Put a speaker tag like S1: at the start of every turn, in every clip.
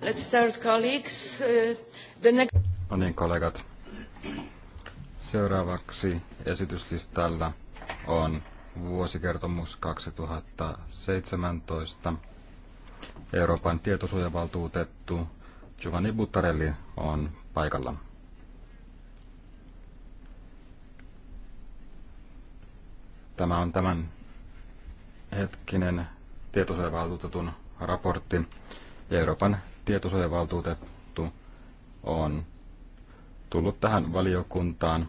S1: Let's start, colleagues.
S2: Uh, the next... No niin, kollegat. Seuraavaksi esityslistalla on vuosikertomus 2017. Euroopan tietosuojavaltuutettu Giovanni Buttarelli on paikalla. Tämä on tämän hetkinen tietosuojavaltuutetun raportti. Ja Euroopan tietosuojavaltuutettu on tullut tähän valiokuntaan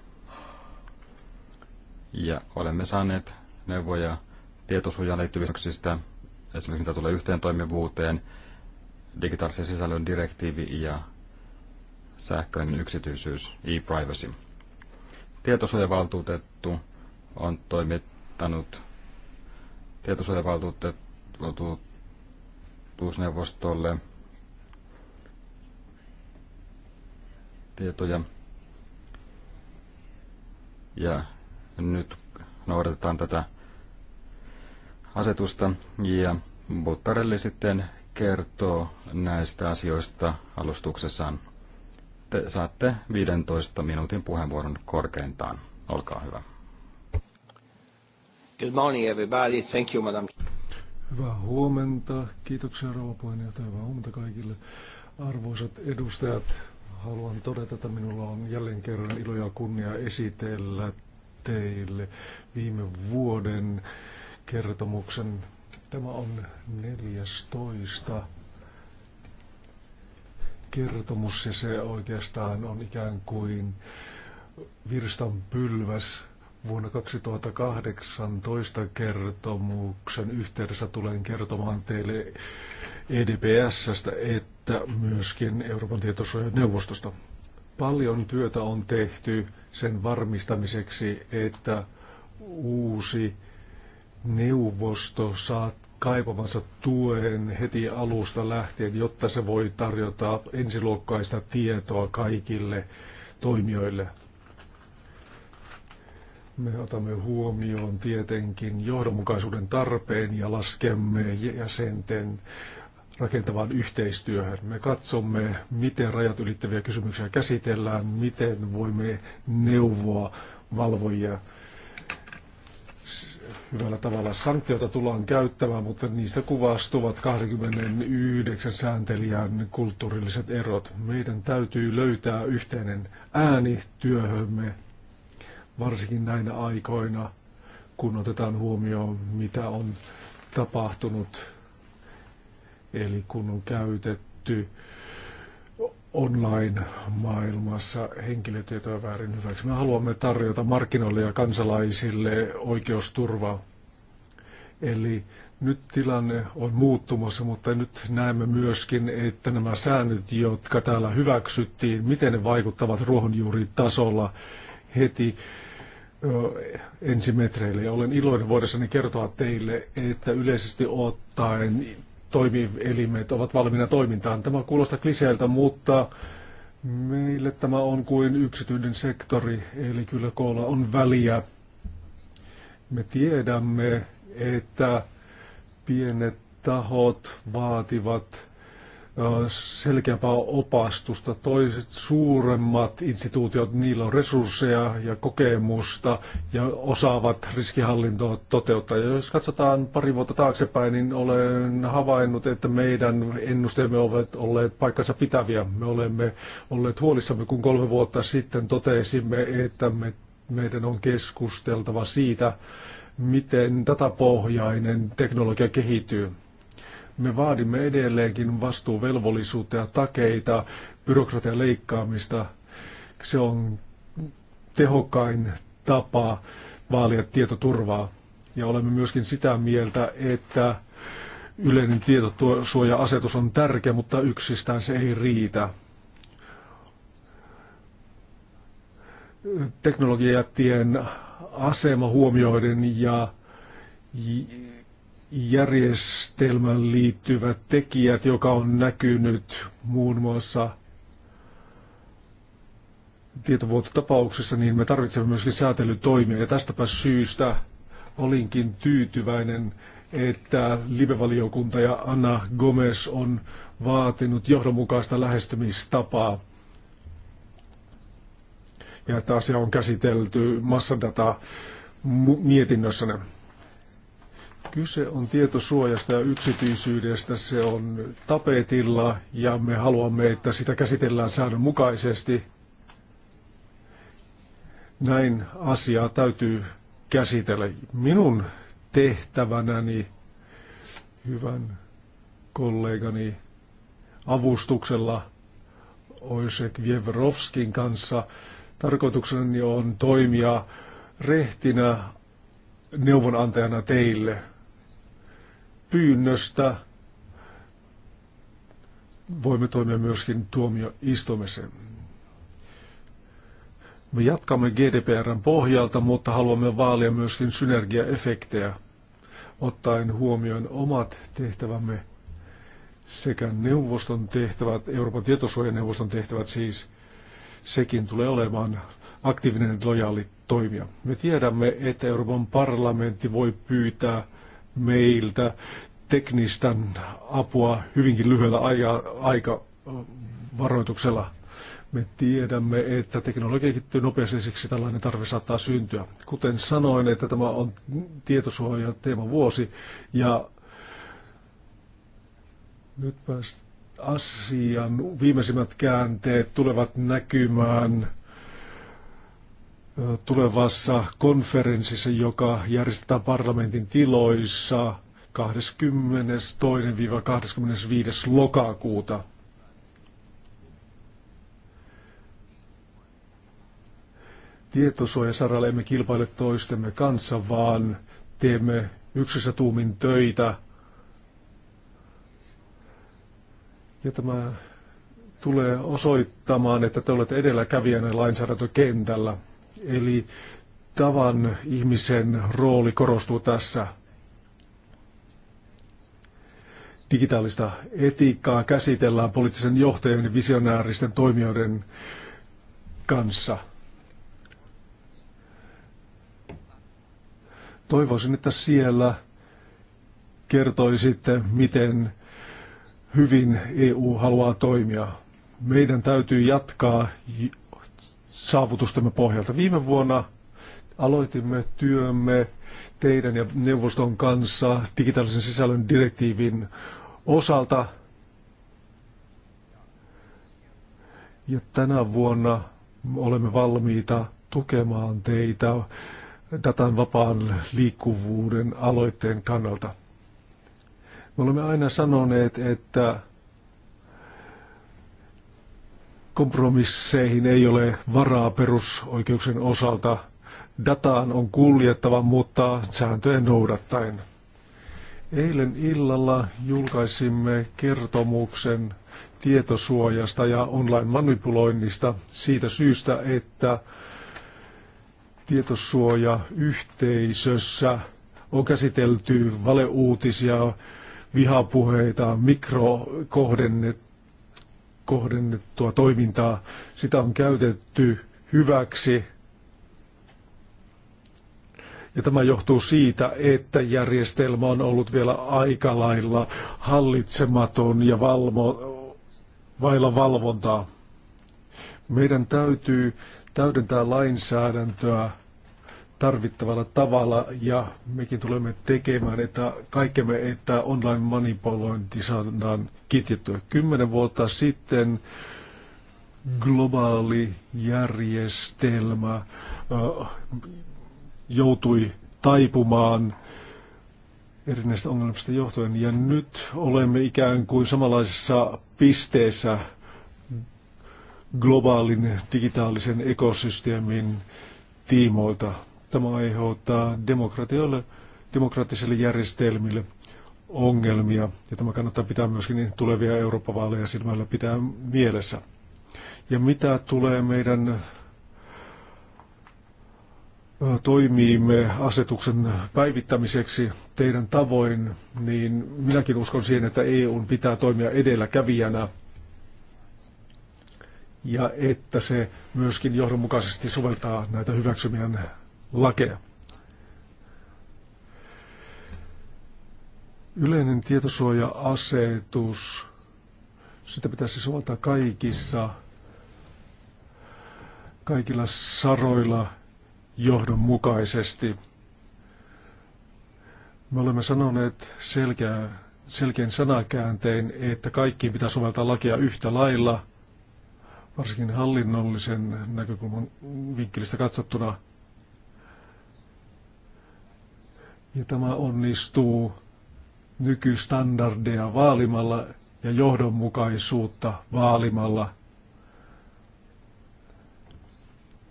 S2: ja olemme saaneet neuvoja tietosuojaan liittyvistä esimerkiksi mitä tulee yhteen toimivuuteen, digitaalisen sisällön direktiivi ja sähköinen yksityisyys, e-privacy. Tietosuojavaltuutettu on toimittanut tietosuojavaltuutettu turvallisuusneuvostolle tietoja. Ja nyt noudatetaan tätä asetusta ja Buttarelli sitten kertoo näistä asioista alustuksessaan. Te saatte 15 minuutin puheenvuoron korkeintaan. Olkaa hyvä. Good morning everybody. Thank you, madam.
S3: Hyvää huomenta. Kiitoksia rouva puheenjohtaja. Hyvää huomenta kaikille. Arvoisat edustajat, haluan todeta, että minulla on jälleen kerran ilo ja kunnia esitellä teille viime vuoden kertomuksen. Tämä on 14 kertomus ja se oikeastaan on ikään kuin virstan pylväs Vuonna 2018 kertomuksen yhteydessä tulen kertomaan teille EDPSstä, että myöskin Euroopan tietosuojaneuvostosta. Paljon työtä on tehty sen varmistamiseksi, että uusi neuvosto saa kaipamansa tuen heti alusta lähtien, jotta se voi tarjota ensiluokkaista tietoa kaikille toimijoille. Me otamme huomioon tietenkin johdonmukaisuuden tarpeen ja laskemme jäsenten rakentavaan yhteistyöhön. Me katsomme, miten rajat ylittäviä kysymyksiä käsitellään, miten voimme neuvoa valvojia hyvällä tavalla. Sanktioita tullaan käyttämään, mutta niistä kuvastuvat 29 sääntelijän kulttuurilliset erot. Meidän täytyy löytää yhteinen ääni työhömme varsinkin näinä aikoina, kun otetaan huomioon, mitä on tapahtunut, eli kun on käytetty online-maailmassa henkilötietoja väärin hyväksi. Me haluamme tarjota markkinoille ja kansalaisille oikeusturvaa. Eli nyt tilanne on muuttumassa, mutta nyt näemme myöskin, että nämä säännöt, jotka täällä hyväksyttiin, miten ne vaikuttavat ruohonjuuritasolla heti ensimetreille. Ja olen iloinen voidessani kertoa teille, että yleisesti ottaen toimielimet ovat valmiina toimintaan. Tämä kuulostaa kliseeltä, mutta meille tämä on kuin yksityinen sektori, eli kyllä koolla on väliä. Me tiedämme, että pienet tahot vaativat selkeämpää opastusta. Toiset suuremmat instituutiot, niillä on resursseja ja kokemusta ja osaavat riskihallintoa toteuttaa. Ja jos katsotaan pari vuotta taaksepäin, niin olen havainnut, että meidän ennusteemme ovat olleet paikkansa pitäviä. Me olemme olleet huolissamme, kun kolme vuotta sitten totesimme, että me, meidän on keskusteltava siitä, miten datapohjainen teknologia kehittyy. Me vaadimme edelleenkin vastuuvelvollisuutta ja takeita, byrokratian leikkaamista. Se on tehokkain tapa vaalia tietoturvaa. Ja olemme myöskin sitä mieltä, että yleinen tietosuoja-asetus on tärkeä, mutta yksistään se ei riitä. Teknologiajättien asema huomioiden ja järjestelmän liittyvät tekijät, joka on näkynyt muun muassa tietovuototapauksessa, niin me tarvitsemme myöskin säätelytoimia. Ja tästäpä syystä olinkin tyytyväinen, että libevaliokunta ja Anna Gomez on vaatinut johdonmukaista lähestymistapaa ja että asia on käsitelty massadata mietinnössä. Kyse on tietosuojasta ja yksityisyydestä. Se on tapetilla ja me haluamme, että sitä käsitellään säännönmukaisesti. Näin asiaa täytyy käsitellä. Minun tehtävänäni hyvän kollegani avustuksella Oisek Vievrovskin kanssa tarkoitukseni on toimia rehtinä neuvonantajana teille pyynnöstä voimme toimia myöskin tuomioistuimeseen. Me jatkamme GDPRn pohjalta, mutta haluamme vaalia myöskin synergiaefektejä, ottaen huomioon omat tehtävämme sekä neuvoston tehtävät, Euroopan tietosuojaneuvoston tehtävät siis, sekin tulee olemaan aktiivinen lojaali toimija. Me tiedämme, että Euroopan parlamentti voi pyytää meiltä teknistä apua hyvinkin lyhyellä aja, aika varoituksella. Me tiedämme, että teknologia kehittyy nopeasti, siksi tällainen tarve saattaa syntyä. Kuten sanoin, että tämä on tietosuoja teema vuosi ja nyt päästään asian viimeisimmät käänteet tulevat näkymään tulevassa konferenssissa, joka järjestetään parlamentin tiloissa 22-25. lokakuuta. Tietosuojasaralla emme kilpaile toistemme kanssa, vaan teemme yksissä tuumin töitä. Ja tämä tulee osoittamaan, että te olette edelläkävijänä lainsäädäntökentällä. Eli tavan ihmisen rooli korostuu tässä. Digitaalista etiikkaa käsitellään poliittisen johtajien ja visionääristen toimijoiden kanssa. Toivoisin, että siellä kertoisitte, miten hyvin EU haluaa toimia. Meidän täytyy jatkaa saavutustemme pohjalta. Viime vuonna aloitimme työmme teidän ja neuvoston kanssa digitaalisen sisällön direktiivin osalta. Ja tänä vuonna olemme valmiita tukemaan teitä datan vapaan liikkuvuuden aloitteen kannalta. Me olemme aina sanoneet, että kompromisseihin ei ole varaa perusoikeuksien osalta. Dataan on kuljettava, mutta sääntöjen noudattaen. Eilen illalla julkaisimme kertomuksen tietosuojasta ja online-manipuloinnista siitä syystä, että tietosuojayhteisössä on käsitelty valeuutisia, vihapuheita, mikrokohdennettuja kohdennettua toimintaa. Sitä on käytetty hyväksi. Ja tämä johtuu siitä, että järjestelmä on ollut vielä aika lailla hallitsematon ja valmo, vailla valvontaa. Meidän täytyy täydentää lainsäädäntöä tarvittavalla tavalla ja mekin tulemme tekemään, että kaikkemme, että online manipulointi saadaan kitjettyä. Kymmenen vuotta sitten globaali järjestelmä joutui taipumaan erinäistä ongelmista johtuen. Ja nyt olemme ikään kuin samanlaisessa pisteessä globaalin digitaalisen ekosysteemin tiimoilta. Tämä aiheuttaa demokratioille, demokraattisille järjestelmille ongelmia, ja tämä kannattaa pitää myöskin tulevia Euroopan vaaleja silmällä pitää mielessä. Ja mitä tulee meidän toimiimme asetuksen päivittämiseksi teidän tavoin, niin minäkin uskon siihen, että EUn pitää toimia edelläkävijänä ja että se myöskin johdonmukaisesti soveltaa näitä hyväksymien lakeja. Yleinen tietosuoja-asetus, sitä pitäisi soveltaa kaikissa, kaikilla saroilla johdonmukaisesti. Me olemme sanoneet selkeä, selkeän sanakääntein, että kaikkiin pitää soveltaa lakia yhtä lailla, varsinkin hallinnollisen näkökulman vinkkelistä katsottuna – Ja tämä onnistuu nykystandardeja vaalimalla ja johdonmukaisuutta vaalimalla.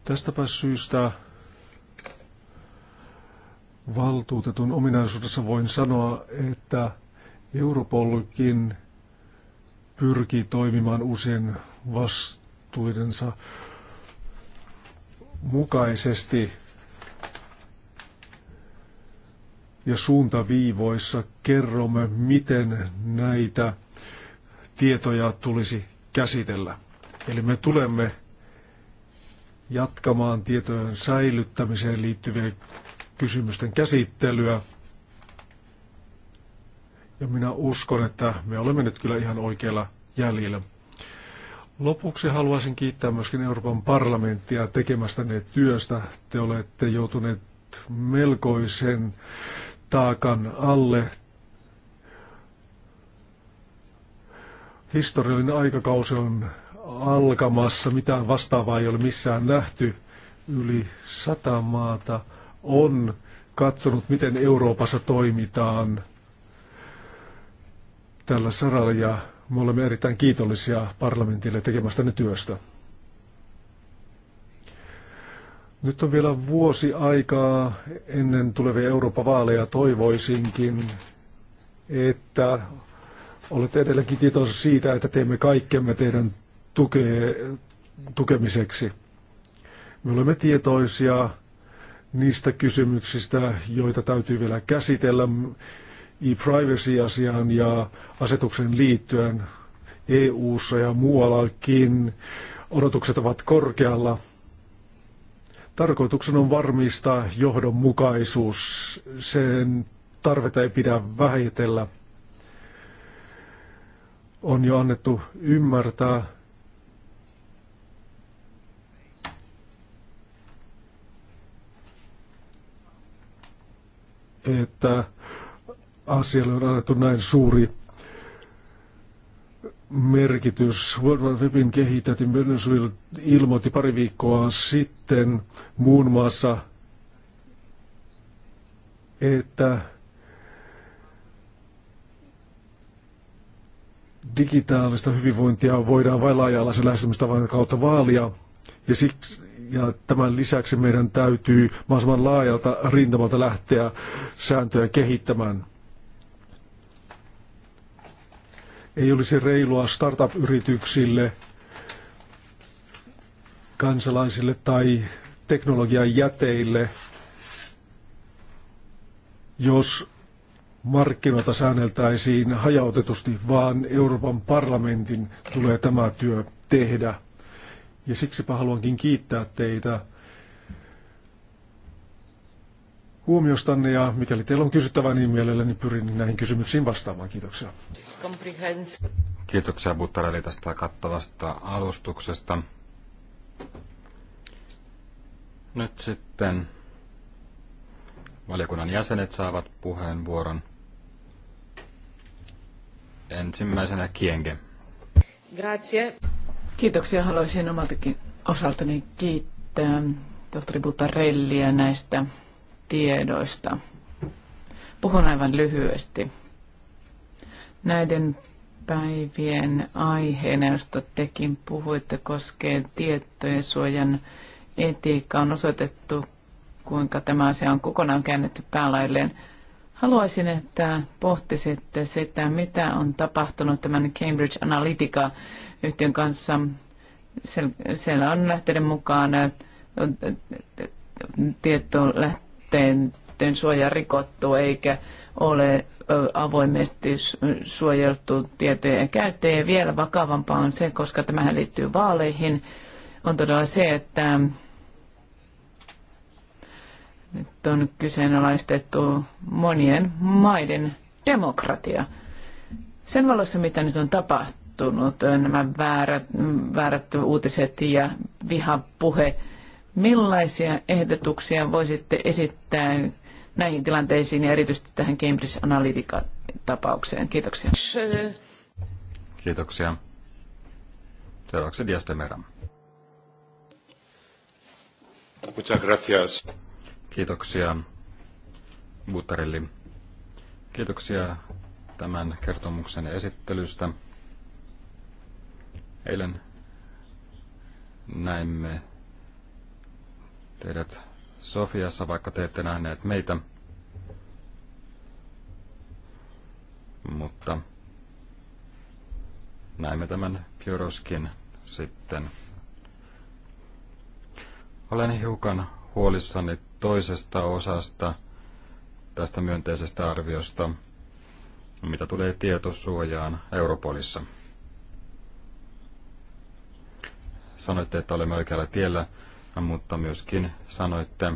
S3: Tästäpä syystä valtuutetun ominaisuudessa voin sanoa, että Europolkin pyrkii toimimaan usein vastuidensa mukaisesti – ja suuntaviivoissa kerromme, miten näitä tietoja tulisi käsitellä. Eli me tulemme jatkamaan tietojen säilyttämiseen liittyvien kysymysten käsittelyä. Ja minä uskon, että me olemme nyt kyllä ihan oikealla jäljellä. Lopuksi haluaisin kiittää myöskin Euroopan parlamenttia tekemästänne työstä. Te olette joutuneet melkoisen taakan alle. Historiallinen aikakausi on alkamassa, mitään vastaavaa ei ole missään nähty. Yli sata maata on katsonut, miten Euroopassa toimitaan tällä saralla ja me olemme erittäin kiitollisia parlamentille tekemästäne työstä. Nyt on vielä vuosi aikaa ennen tulevia Euroopan vaaleja. Toivoisinkin, että olette edelleenkin tietoisia siitä, että teemme kaikkemme teidän tuke, tukemiseksi. Me olemme tietoisia niistä kysymyksistä, joita täytyy vielä käsitellä e-privacy-asiaan ja asetuksen liittyen EU-ssa ja muuallakin. Odotukset ovat korkealla Tarkoituksena on varmistaa johdonmukaisuus. Sen tarvetta ei pidä vähitellä. On jo annettu ymmärtää, että asialle on annettu näin suuri merkitys. World Wide Webin kehittäjät Venezuela ilmoitti pari viikkoa sitten muun muassa, että digitaalista hyvinvointia voidaan vain laaja-alaisen lähestymistavan kautta vaalia. Ja, siksi, ja tämän lisäksi meidän täytyy mahdollisimman laajalta rintamalta lähteä sääntöjä kehittämään. Ei olisi reilua startup-yrityksille, kansalaisille tai teknologian jäteille, jos markkinoita säänneltäisiin hajautetusti, vaan Euroopan parlamentin tulee tämä työ tehdä. Ja siksipä haluankin kiittää teitä huomiostanne ja mikäli teillä on kysyttävää, niin mielelläni pyrin näihin kysymyksiin vastaamaan. Kiitoksia.
S2: Kiitoksia Buttarelli tästä kattavasta alustuksesta. Nyt sitten valiokunnan jäsenet saavat puheenvuoron. Ensimmäisenä Kienge.
S1: Grazie. Kiitoksia. Haluaisin omaltakin osaltani kiittää tohtori Buttarellia näistä tiedoista. Puhun aivan lyhyesti. Näiden päivien aiheena, josta tekin puhuitte, koskee tietojen suojan etiikkaa, on osoitettu, kuinka tämä asia on kokonaan käännetty päälailleen. Haluaisin, että pohtisitte sitä, mitä on tapahtunut tämän Cambridge Analytica-yhtiön kanssa. Siellä on lähteiden mukaan tieto yksityisyyteen suojaa rikottu eikä ole avoimesti suojeltu tietojen käyttäjä. Vielä vakavampaa on se, koska tämähän liittyy vaaleihin, on todella se, että nyt on kyseenalaistettu monien maiden demokratia. Sen valossa, mitä nyt on tapahtunut, nämä väärät, väärät uutiset ja vihapuhe, Millaisia ehdotuksia voisitte esittää näihin tilanteisiin ja erityisesti tähän Cambridge Analytica-tapaukseen? Kiitoksia.
S2: Kiitoksia. Seuraavaksi Diastemera. Muchas gracias. Kiitoksia Buttarelli. Kiitoksia tämän kertomuksen esittelystä. Eilen näimme teidät Sofiassa, vaikka te ette nähneet meitä. Mutta näimme tämän Pyroskin sitten. Olen hiukan huolissani toisesta osasta tästä myönteisestä arviosta, mitä tulee tietosuojaan Europolissa. Sanoitte, että olemme oikealla tiellä, mutta myöskin sanoitte,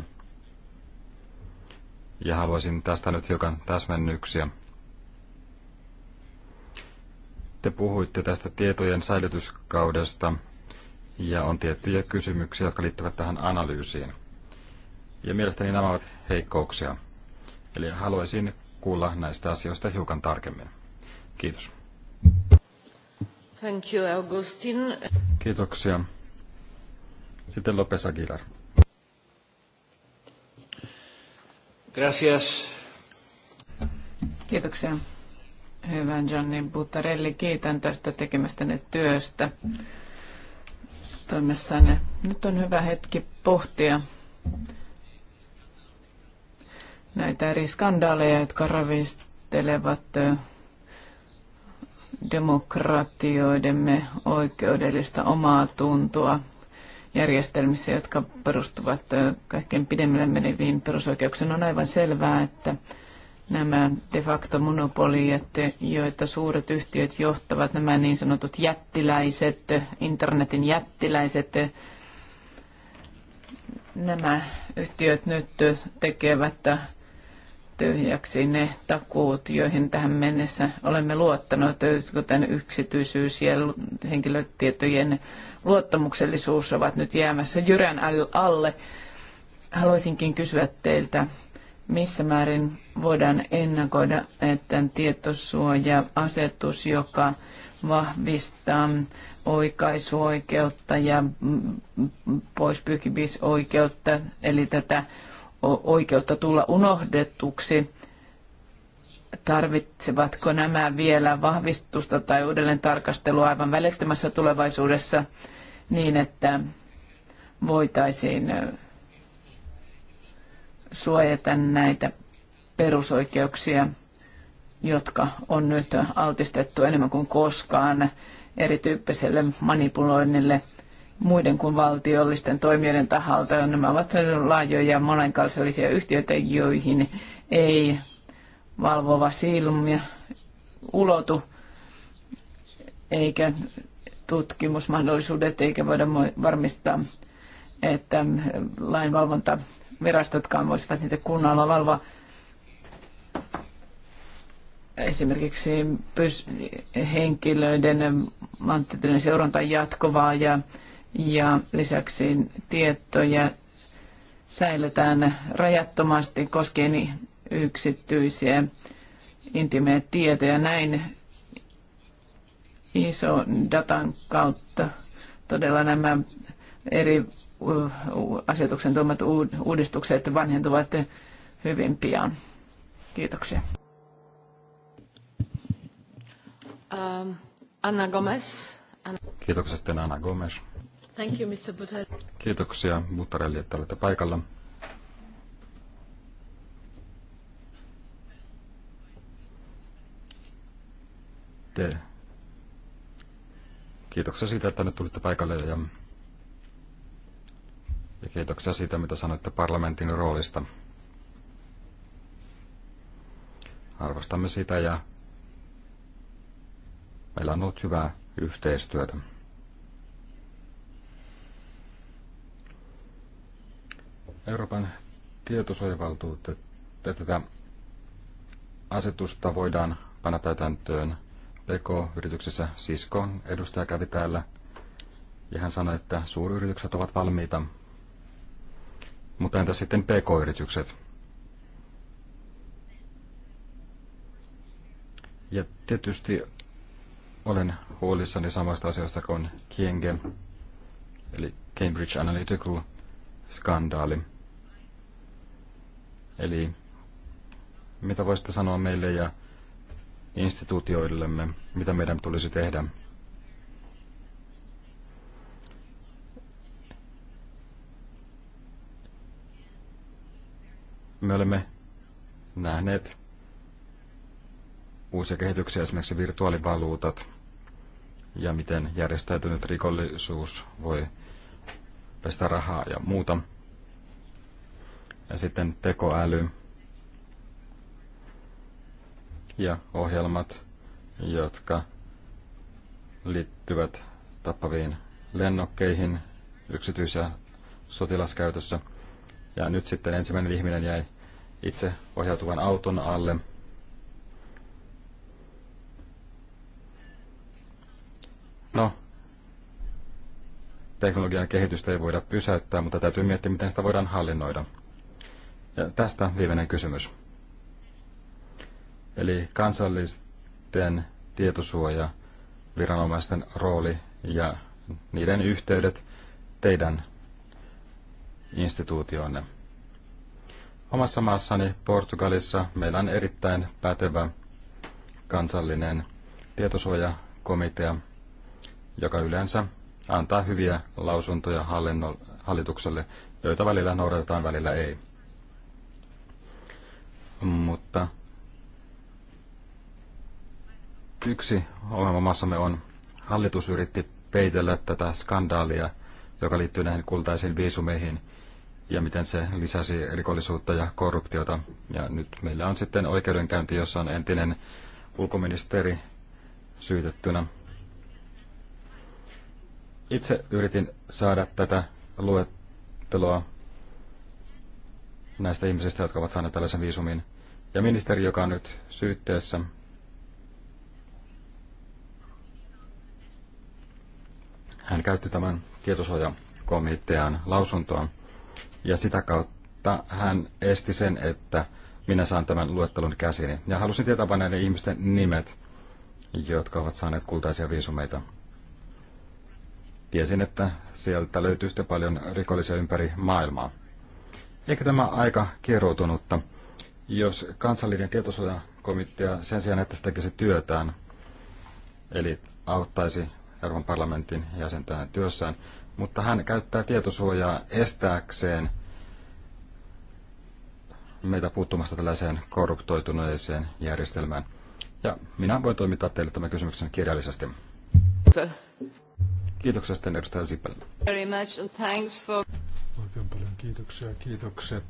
S2: ja haluaisin tästä nyt hiukan täsmennyksiä. Te puhuitte tästä tietojen säilytyskaudesta ja on tiettyjä kysymyksiä, jotka liittyvät tähän analyysiin. Ja mielestäni nämä ovat heikkouksia. Eli haluaisin kuulla näistä asioista hiukan tarkemmin. Kiitos.
S1: Thank you, Augustin.
S2: Kiitoksia. Sitten Lopes Aguilar.
S3: Gracias.
S1: Kiitoksia. Hyvän Johnny Buttarelli, kiitän tästä tekemästänne työstä toimessanne. Nyt on hyvä hetki pohtia näitä eri skandaaleja, jotka ravistelevat demokratioidemme oikeudellista omaa tuntua järjestelmissä, jotka perustuvat kaikkein pidemmälle meneviin perusoikeuksiin, on aivan selvää, että nämä de facto monopoliat, joita suuret yhtiöt johtavat, nämä niin sanotut jättiläiset, internetin jättiläiset, nämä yhtiöt nyt tekevät
S3: tyhjäksi
S1: ne takuut, joihin tähän mennessä olemme luottaneet, kuten yksityisyys ja henkilötietojen luottamuksellisuus ovat nyt jäämässä jyrän alle. Haluaisinkin kysyä teiltä, missä määrin voidaan ennakoida, että tietosuoja-asetus, joka vahvistaa oikaisuoikeutta ja mm, mm, poispyykibisoikeutta, eli tätä oikeutta tulla unohdetuksi. Tarvitsevatko nämä vielä vahvistusta tai uudelleen tarkastelua aivan välittömässä tulevaisuudessa niin, että voitaisiin suojata näitä perusoikeuksia, jotka on nyt altistettu enemmän kuin koskaan erityyppiselle manipuloinnille muiden kuin valtiollisten toimijoiden taholta. Nämä ovat laajoja monenkansallisia yhtiöitä, joihin ei valvova silmiä ulotu, eikä tutkimusmahdollisuudet, eikä voida varmistaa, että lainvalvontavirastotkaan voisivat niitä kunnalla valvoa. Esimerkiksi henkilöiden manttityyden seuranta jatkuvaa ja ja lisäksi tietoja säilytään rajattomasti koskien yksityisiä intimejä tietoja. Näin iso datan kautta todella nämä eri asetuksen tuomat uudistukset vanhentuvat hyvin pian. Kiitoksia. Um, Anna Gomes. Anna.
S2: Kiitoksia sitten Anna Gomes. Thank you, Mr. Kiitoksia, Butarelli, että olette paikalla. Te. Kiitoksia siitä, että nyt tulitte paikalle ja, ja kiitoksia siitä, mitä sanoitte parlamentin roolista. Arvostamme sitä ja meillä on ollut hyvää yhteistyötä. Euroopan tietosuojavaltuutettu tätä asetusta voidaan panna täytäntöön PK-yrityksessä. Siskon edustaja kävi täällä ja hän sanoi, että suuryritykset ovat valmiita. Mutta entä sitten PK-yritykset? Ja tietysti olen huolissani samasta asiasta kuin Kienge, eli Cambridge Analytical – skandaali. Eli mitä voisitte sanoa meille ja instituutioillemme, mitä meidän tulisi tehdä? Me olemme nähneet uusia kehityksiä, esimerkiksi virtuaalivaluutat ja miten järjestäytynyt rikollisuus voi pestä rahaa ja muuta. Ja sitten tekoäly ja ohjelmat, jotka liittyvät tappaviin lennokkeihin yksityis- ja sotilaskäytössä. Ja nyt sitten ensimmäinen ihminen jäi itse ohjautuvan auton alle. No, teknologian kehitystä ei voida pysäyttää, mutta täytyy miettiä, miten sitä voidaan hallinnoida. Ja tästä viimeinen kysymys. Eli kansallisten tietosuoja, viranomaisten rooli ja niiden yhteydet teidän instituutioonne. Omassa maassani Portugalissa meillä on erittäin pätevä kansallinen tietosuojakomitea, joka yleensä antaa hyviä lausuntoja hallitukselle, joita välillä noudatetaan, välillä ei. Mutta yksi ongelma maassamme on, hallitus yritti peitellä tätä skandaalia, joka liittyy näihin kultaisiin viisumeihin ja miten se lisäsi rikollisuutta ja korruptiota. Ja nyt meillä on sitten oikeudenkäynti, jossa on entinen ulkoministeri syytettynä itse yritin saada tätä luetteloa näistä ihmisistä, jotka ovat saaneet tällaisen viisumin. Ja ministeri, joka on nyt syytteessä, hän käytti tämän tietosuojakomitean lausuntoa ja sitä kautta hän esti sen, että minä saan tämän luettelon käsini. Ja halusin tietää vain näiden ihmisten nimet, jotka ovat saaneet kultaisia viisumeita. Tiesin, että sieltä löytyy sitten paljon rikollisia ympäri maailmaa. Eikä tämä aika kieroutunutta, jos kansallinen tietosuojakomitea sen sijaan, että se tekisi työtään, eli auttaisi Euroopan parlamentin jäsentään työssään, mutta hän käyttää tietosuojaa estääkseen meitä puuttumasta tällaiseen korruptoituneeseen järjestelmään. Ja minä voin toimittaa teille tämän kysymyksen kirjallisesti. Kiitoksia sitten edustaja Sipel.
S1: Very much and thanks for...
S3: Oikein paljon kiitoksia. Kiitokset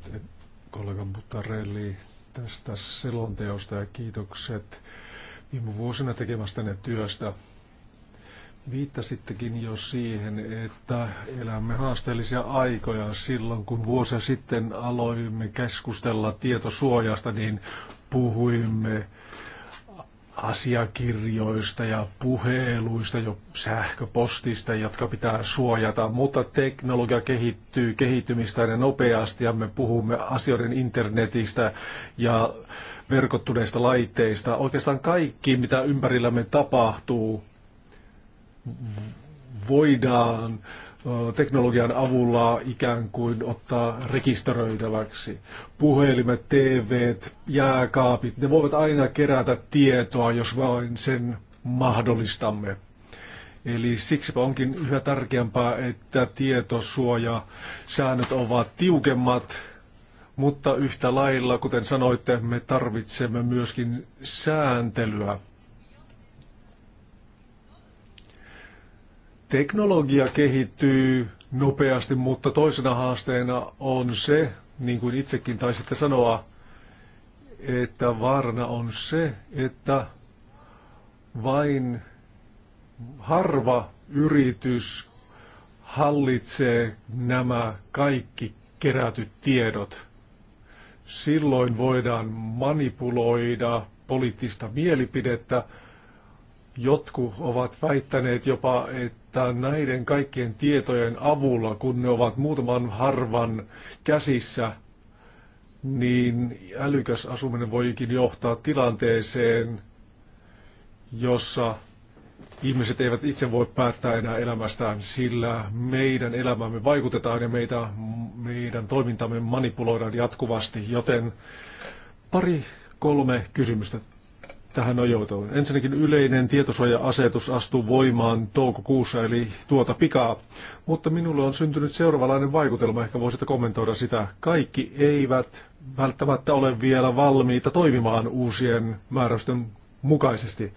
S3: kollegan Buttarelli tästä selonteosta ja kiitokset viime vuosina tekemästänne työstä. Viittasittekin jo siihen, että elämme haasteellisia aikoja. Silloin kun vuosia sitten aloimme keskustella tietosuojasta, niin puhuimme asiakirjoista ja puheluista, jo sähköpostista, jotka pitää suojata, mutta teknologia kehittyy kehitymistä aina nopeasti ja me puhumme asioiden internetistä ja verkottuneista laitteista. Oikeastaan kaikki, mitä ympärillämme tapahtuu, voidaan teknologian avulla ikään kuin ottaa rekisteröitäväksi. Puhelimet, TV, jääkaapit, ne voivat aina kerätä tietoa, jos vain sen mahdollistamme. Eli siksi onkin yhä tärkeämpää, että säännöt ovat tiukemmat, mutta yhtä lailla, kuten sanoitte, me tarvitsemme myöskin sääntelyä Teknologia kehittyy nopeasti, mutta toisena haasteena on se, niin kuin itsekin taisitte sanoa, että vaarana on se, että vain harva yritys hallitsee nämä kaikki kerätyt tiedot. Silloin voidaan manipuloida poliittista mielipidettä. Jotkut ovat väittäneet jopa, että että näiden kaikkien tietojen avulla, kun ne ovat muutaman harvan käsissä, niin älykäs asuminen voikin johtaa tilanteeseen, jossa ihmiset eivät itse voi päättää enää elämästään, sillä meidän elämämme vaikutetaan ja meitä, meidän toimintamme manipuloidaan jatkuvasti. Joten pari, kolme kysymystä tähän on joutunut. Ensinnäkin yleinen tietosuoja-asetus astuu voimaan toukokuussa, eli tuota pikaa. Mutta minulle on syntynyt seuraavanlainen vaikutelma, ehkä voisitte kommentoida sitä. Kaikki eivät välttämättä ole vielä valmiita toimimaan uusien määräysten mukaisesti.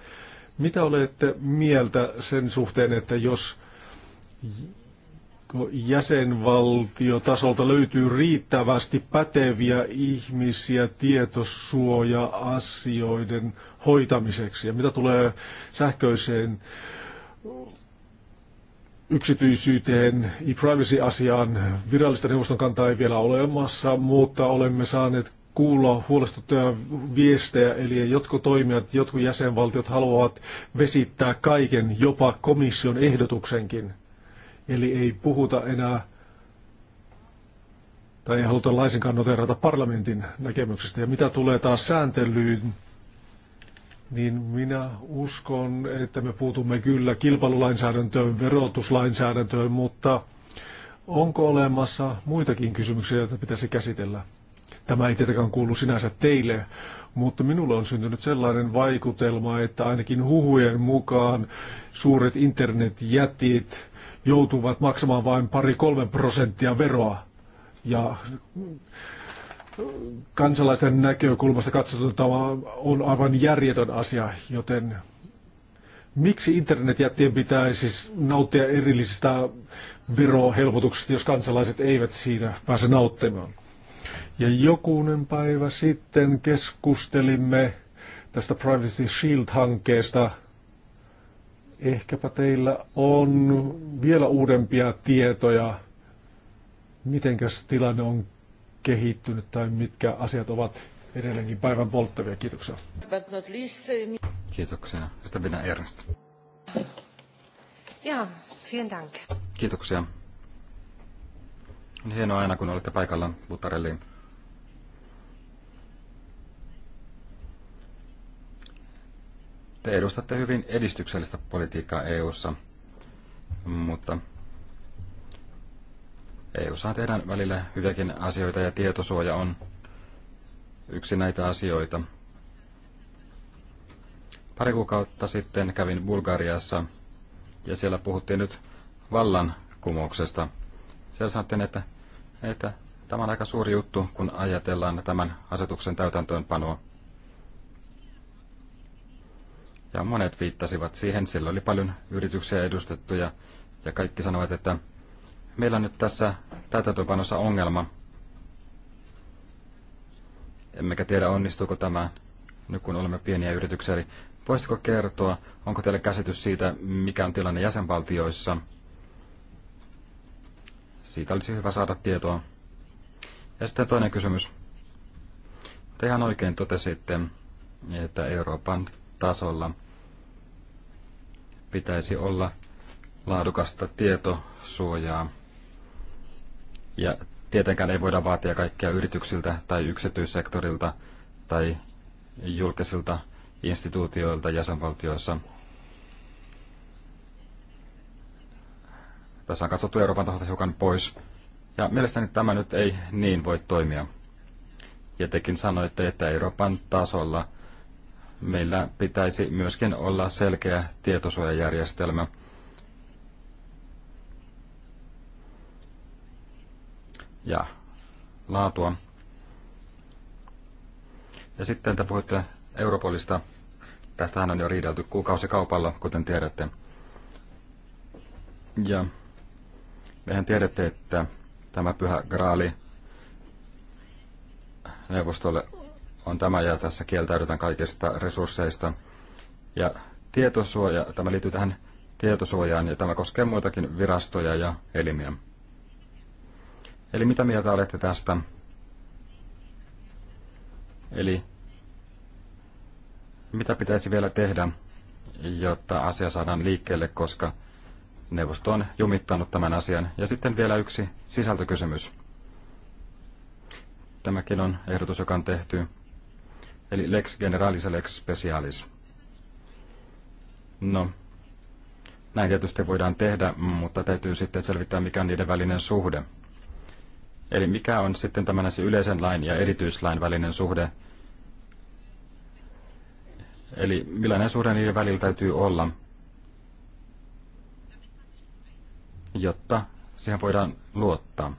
S3: Mitä olette mieltä sen suhteen, että jos jäsenvaltiotasolta löytyy riittävästi päteviä ihmisiä tietosuoja-asioiden hoitamiseksi. Ja mitä tulee sähköiseen yksityisyyteen ja privacy-asiaan, virallista neuvoston kantaa ei vielä ole olemassa, mutta olemme saaneet kuulla huolestuttavia viestejä, eli jotkut toimijat, jotkut jäsenvaltiot haluavat vesittää kaiken, jopa komission ehdotuksenkin. Eli ei puhuta enää tai ei haluta laisinkaan noterata parlamentin näkemyksestä. Ja mitä tulee taas sääntelyyn, niin minä uskon, että me puutumme kyllä kilpailulainsäädäntöön, verotuslainsäädäntöön, mutta onko olemassa muitakin kysymyksiä, joita pitäisi käsitellä? Tämä ei tietenkään kuulu sinänsä teille, mutta minulle on syntynyt sellainen vaikutelma, että ainakin huhujen mukaan suuret internetjätit joutuvat maksamaan vain pari kolmen prosenttia veroa. Ja kansalaisten näkökulmasta katsottuna tämä on aivan järjetön asia, joten miksi internetjättien pitäisi nauttia erillisistä verohelpotuksista, jos kansalaiset eivät siinä pääse nauttimaan? Ja jokunen päivä sitten keskustelimme tästä Privacy Shield-hankkeesta – Ehkäpä teillä on vielä uudempia tietoja, mitenkäs tilanne on kehittynyt tai mitkä asiat ovat edelleenkin päivän polttavia. Kiitoksia.
S1: Eh,
S2: Kiitoksia. Sitä minä Ernst.
S1: Ja, vielen dank.
S2: Kiitoksia. On hienoa aina, kun olette paikalla, Butarelli. Te edustatte hyvin edistyksellistä politiikkaa EU:ssa, mutta EU:ssa tehdään välillä hyviäkin asioita ja tietosuoja on yksi näitä asioita. Pari kuukautta sitten kävin Bulgariassa ja siellä puhuttiin nyt vallankumouksesta. Siellä sanottiin, että, että tämä on aika suuri juttu, kun ajatellaan tämän asetuksen täytäntöönpanoa. Ja monet viittasivat siihen, siellä oli paljon yrityksiä edustettuja ja kaikki sanoivat, että meillä on nyt tässä täytäntöpanossa ongelma. Emmekä tiedä, onnistuuko tämä nyt kun olemme pieniä yrityksiä. Eli voisitko kertoa, onko teillä käsitys siitä, mikä on tilanne jäsenvaltioissa? Siitä olisi hyvä saada tietoa. Ja sitten toinen kysymys. Te ihan oikein totesitte, että Euroopan tasolla pitäisi olla laadukasta tietosuojaa. Ja tietenkään ei voida vaatia kaikkia yrityksiltä tai yksityissektorilta tai julkisilta instituutioilta jäsenvaltioissa. Tässä on katsottu Euroopan taholta hiukan pois. Ja mielestäni tämä nyt ei niin voi toimia. Ja tekin sanoitte, että Euroopan tasolla – meillä pitäisi myöskin olla selkeä tietosuojajärjestelmä. Ja laatua. Ja sitten te puhutte Europolista. Tästähän on jo riidelty kuukausikaupalla, kuten tiedätte. Ja mehän tiedätte, että tämä pyhä graali neuvostolle on tämä ja tässä kieltäydytään kaikista resursseista. Ja tietosuoja, tämä liittyy tähän tietosuojaan ja tämä koskee muitakin virastoja ja elimiä. Eli mitä mieltä olette tästä? Eli mitä pitäisi vielä tehdä, jotta asia saadaan liikkeelle, koska neuvosto on jumittanut tämän asian. Ja sitten vielä yksi sisältökysymys. Tämäkin on ehdotus, joka on tehty eli lex generalis ja lex specialis. No, näin tietysti voidaan tehdä, mutta täytyy sitten selvittää, mikä on niiden välinen suhde. Eli mikä on sitten tämän yleisen lain ja erityislain välinen suhde? Eli millainen suhde niiden välillä täytyy olla, jotta siihen voidaan luottaa.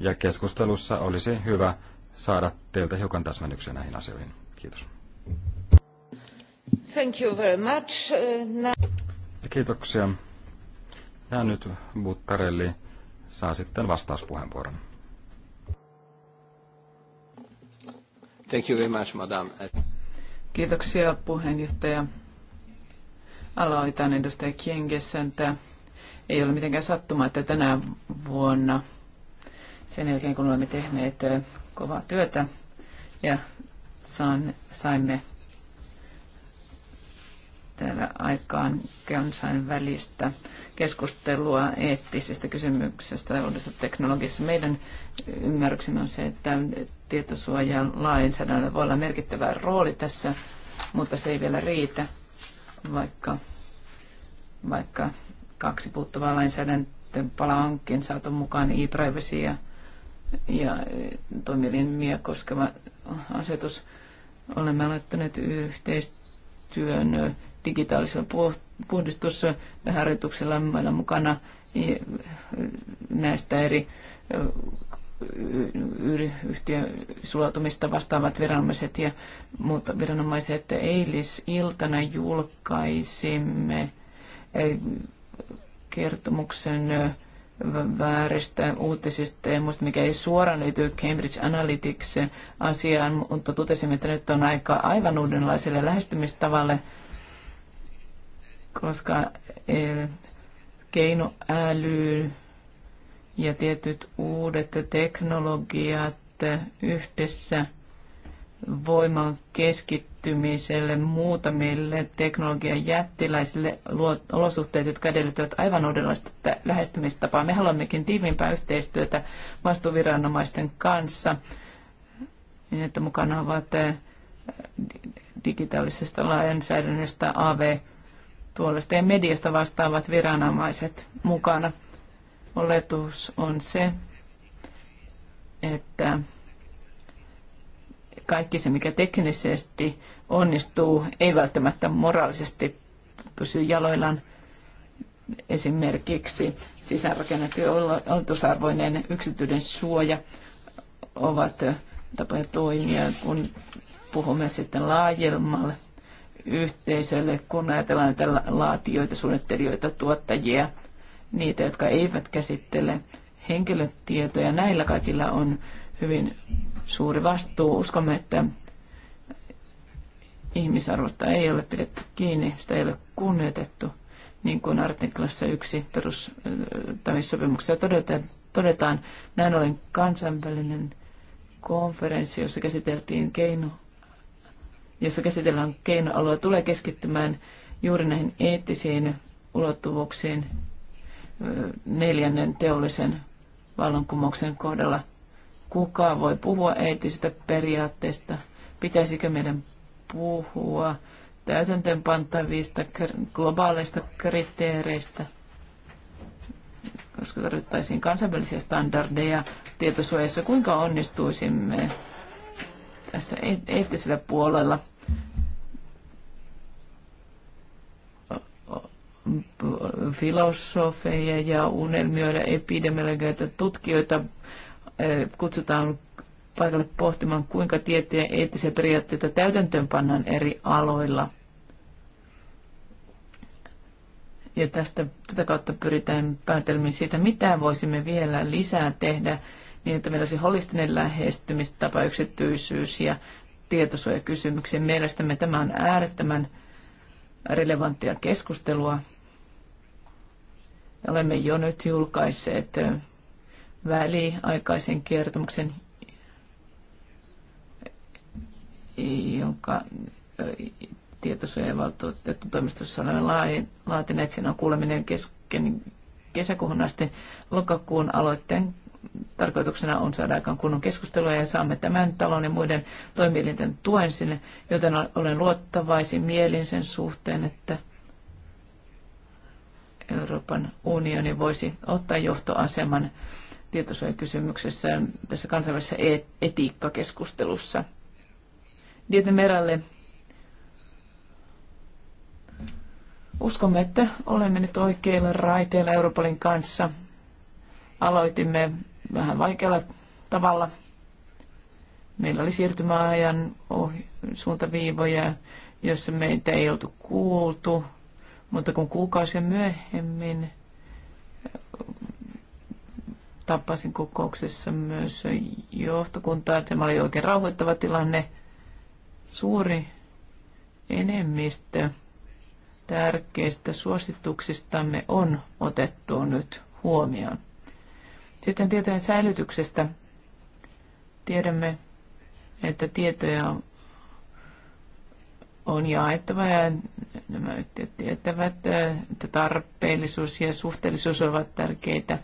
S2: Ja keskustelussa olisi hyvä saada teiltä hiukan täsmennyksiä näihin asioihin. Kiitos.
S1: Thank you very much. Uh, now...
S2: Kiitoksia. Ja nyt Buttarelli saa sitten vastauspuheenvuoron. Thank you very much, madam.
S1: Kiitoksia puheenjohtaja. Aloitan edustaja Kiengesäntä. Ei ole mitenkään sattumaa, että tänä vuonna – sen jälkeen, kun olemme tehneet kovaa työtä ja saimme täällä aikaan kansainvälistä keskustelua eettisistä kysymyksistä uudessa teknologiassa. Meidän ymmärryksemme on se, että tietosuojan lainsäädännöllä voi olla merkittävä rooli tässä, mutta se ei vielä riitä, vaikka, vaikka kaksi puuttuvaa pala onkin saatu mukaan e-privacy ja ja eh, toimielimiä koskeva asetus. Olemme aloittaneet yhteistyön eh, digitaalisella puhdistusharjoituksella eh, meillä mukana näistä eri yhtiön sulautumista vastaavat viranomaiset ja muut viranomaiset. Eilisiltana julkaisimme kertomuksen vääristä uutisista ja muista, mikä ei suoraan liity Cambridge Analytics-asiaan, mutta totesimme, että nyt on aika aivan uudenlaiselle lähestymistavalle, koska e, keinoäly ja tietyt uudet teknologiat yhdessä – voiman keskittymiselle muutamille teknologian jättiläisille olosuhteet, jotka edellyttävät aivan uudenlaista lähestymistapaa. Me haluammekin tiiviimpää yhteistyötä vastuuviranomaisten kanssa, niin että mukana ovat eh, digitaalisesta lainsäädännöstä AV puolesta ja mediasta vastaavat viranomaiset mukana. Oletus on se, että kaikki se, mikä teknisesti onnistuu, ei välttämättä moraalisesti pysy jaloillaan. Esimerkiksi sisäänrakennettu oltusarvoinen yksityinen suoja ovat tapoja toimia, kun puhumme sitten laajemmalle yhteisölle, kun ajatellaan näitä laatioita suunnittelijoita, tuottajia, niitä, jotka eivät käsittele henkilötietoja. Näillä kaikilla on hyvin suuri vastuu. Uskomme, että ihmisarvosta ei ole pidetty kiinni, sitä ei ole kunnioitettu, niin kuin artiklassa yksi perustamissopimuksessa todetaan. todetaan. Näin ollen kansainvälinen konferenssi, jossa käsiteltiin keino, jossa käsitellään keinoalue, tulee keskittymään juuri näihin eettisiin ulottuvuuksiin neljännen teollisen vallankumouksen kohdalla Kuka voi puhua eettisistä periaatteista? Pitäisikö meidän puhua täytäntöönpantavista globaaleista kriteereistä? koska tarvittaisiin kansainvälisiä standardeja tietosuojassa. Kuinka onnistuisimme tässä e- eettisellä puolella? filosofeja ja unelmioida epidemiologioita, tutkijoita kutsutaan paikalle pohtimaan, kuinka tiettyjä eettisiä periaatteita täytäntöön pannaan eri aloilla. Ja tästä, tätä kautta pyritään päätelmiin siitä, mitä voisimme vielä lisää tehdä niin, että meillä olisi holistinen lähestymistapa, yksityisyys ja tietosuojakysymyksiä. Mielestämme tämä on äärettömän relevanttia keskustelua. Olemme jo nyt julkaisseet väliaikaisen kertomuksen, jonka tietosuojavaltuutettu toimistossa olemme laatineet. Siinä on kuuleminen kesken kesäkuuhun asti lokakuun aloitteen tarkoituksena on saada aikaan kunnon keskustelua ja saamme tämän talon ja muiden toimielinten tuen sinne, joten olen luottavaisin mielin sen suhteen, että Euroopan unioni voisi ottaa johtoaseman tietosuojakysymyksessä tässä kansainvälisessä e- etiikkakeskustelussa. Dieter Meralle uskomme, että olemme nyt oikeilla raiteilla Europolin kanssa. Aloitimme vähän vaikealla tavalla. Meillä oli siirtymäajan suuntaviivoja, joissa meitä ei oltu kuultu, mutta kun kuukausia myöhemmin tapasin kokouksessa myös johtokuntaa. Tämä oli oikein rauhoittava tilanne. Suuri enemmistö tärkeistä suosituksistamme on otettu nyt huomioon. Sitten tietojen säilytyksestä. Tiedämme, että tietoja on jaettava ja nämä yhtiöt tietävät, että tarpeellisuus ja suhteellisuus ovat tärkeitä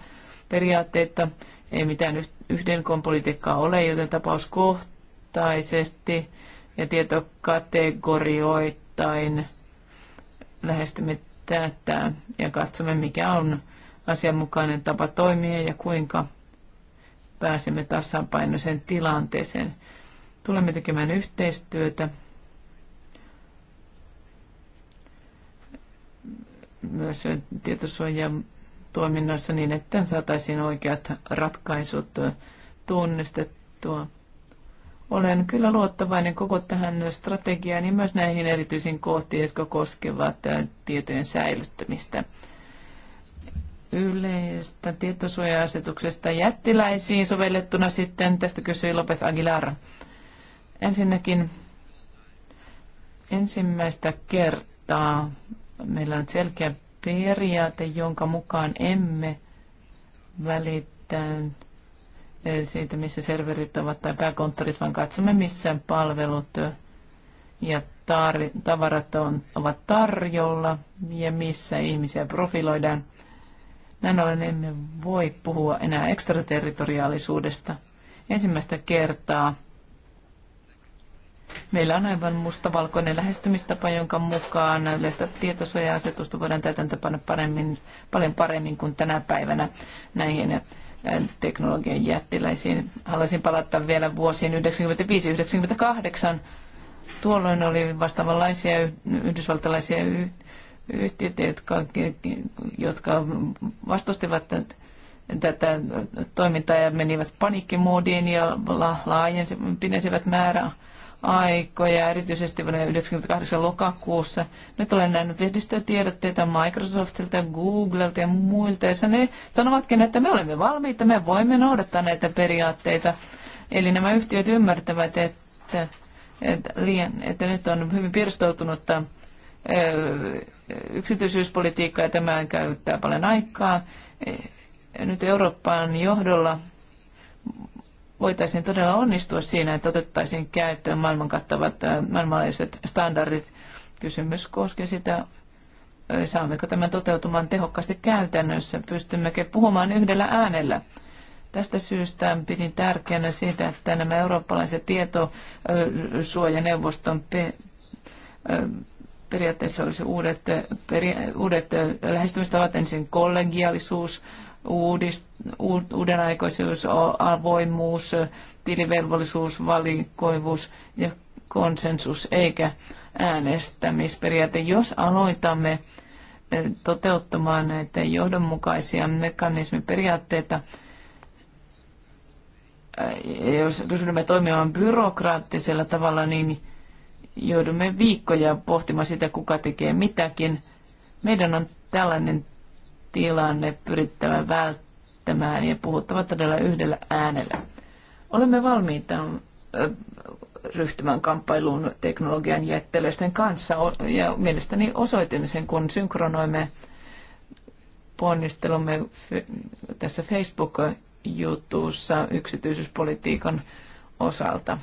S1: perusperiaatteita. Ei mitään yhden koon politiikkaa ole, joten tapauskohtaisesti ja tietokategorioittain lähestymme tätä ja katsomme, mikä on asianmukainen tapa toimia ja kuinka pääsemme tasapainoiseen tilanteeseen. Tulemme tekemään yhteistyötä myös tietosuojan toiminnassa niin, että saataisiin oikeat ratkaisut tunnistettua. Olen kyllä luottavainen koko tähän strategiaan ja myös näihin erityisiin kohtiin, jotka koskevat tietojen säilyttämistä. Yleistä tietosuoja-asetuksesta jättiläisiin sovellettuna sitten tästä kysyi Lopez Aguilar. Ensinnäkin ensimmäistä kertaa meillä on selkeä periaate, jonka mukaan emme välittää eh, siitä, missä serverit ovat tai pääkonttorit, vaan katsomme, missä palvelut ja tar- tavarat on, ovat tarjolla ja missä ihmisiä profiloidaan. Näin ollen emme voi puhua enää ekstraterritoriaalisuudesta. Ensimmäistä kertaa Meillä on aivan mustavalkoinen lähestymistapa, jonka mukaan yleistä tietosuoja-asetusta voidaan täytäntöpanna paremmin, paljon paremmin kuin tänä päivänä näihin äh, teknologian jättiläisiin. Haluaisin palata vielä vuosien 1995-1998. Tuolloin oli vastaavanlaisia yhdysvaltalaisia yhtiöitä, jotka, jotka vastustivat tätä toimintaa ja menivät paniikkimoodiin ja laajensivat määrää aikoja, erityisesti vuoden 1998 lokakuussa. Nyt olen nähnyt lehdistötiedotteita Microsoftilta, Googlelta ja muilta, ja ne sanovatkin, että me olemme valmiita, me voimme noudattaa näitä periaatteita. Eli nämä yhtiöt ymmärtävät, että, että, liian, että nyt on hyvin pirstoutunutta yksityisyyspolitiikkaa ja tämä käyttää paljon aikaa. Nyt Euroopan johdolla voitaisiin todella onnistua siinä, että otettaisiin käyttöön maailman kattavat maailmanlaajuiset standardit. Kysymys koskee sitä, saammeko tämän toteutumaan tehokkaasti käytännössä, pystymmekö puhumaan yhdellä äänellä. Tästä syystä pidin tärkeänä siitä, että nämä eurooppalaiset tietosuojaneuvoston pe- periaatteessa olisi uudet, peria- uudet lähestymistavat, ensin kollegiaalisuus, uudist- uudenaikaisuus, avoimuus, tilivelvollisuus, valikoivuus ja konsensus eikä äänestämisperiaate. Jos aloitamme eh, toteuttamaan näitä johdonmukaisia mekanismiperiaatteita, eh, jos ryhdymme toimimaan byrokraattisella tavalla, niin joudumme viikkoja pohtimaan sitä, kuka tekee mitäkin. Meidän on tällainen tilanne pyrittävä välttämään ja puhuttava todella yhdellä äänellä. Olemme valmiita ryhtymään kamppailuun teknologian jättelöisten kanssa ja mielestäni osoitimme sen, kun synkronoimme ponnistelumme tässä Facebook-jutussa yksityisyyspolitiikan osalta.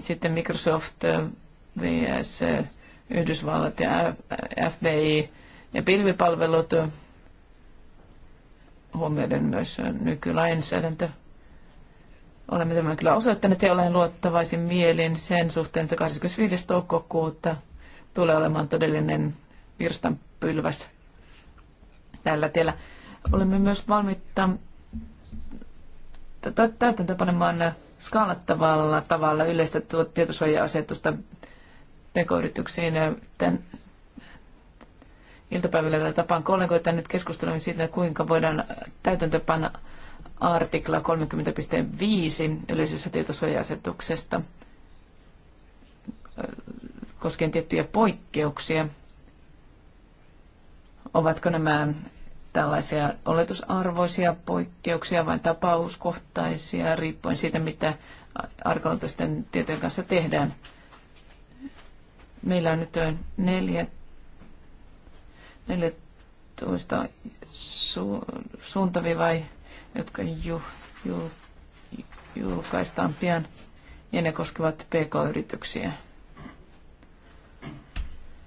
S1: Sitten Microsoft vs Yhdysvallat ja FBI ja pilvipalvelut huomioiden myös nykylainsäädäntö. Olemme tämän kyllä osoittaneet ja olen luottavaisin mielin sen suhteen, että 25. toukokuuta tulee olemaan todellinen virstanpylväs tällä tiellä. Olemme myös valmiita täytäntöönpanemaan skaalattavalla tavalla yleistä tietosuoja-asetusta pk-yrityksiin. Tän iltapäivällä tapaan kollegoita nyt keskustelemme siitä, kuinka voidaan täytäntöpanna artikla 30.5 yleisessä tietosuoja-asetuksesta äh, koskien tiettyjä poikkeuksia. Ovatko nämä tällaisia oletusarvoisia poikkeuksia vai tapauskohtaisia, riippuen siitä, mitä arkaluontoisten tietojen kanssa tehdään. Meillä on nyt neljä, 14 su, suuntavivai, jotka ju, ju, julkaistaan pian, ja ne koskevat pk-yrityksiä.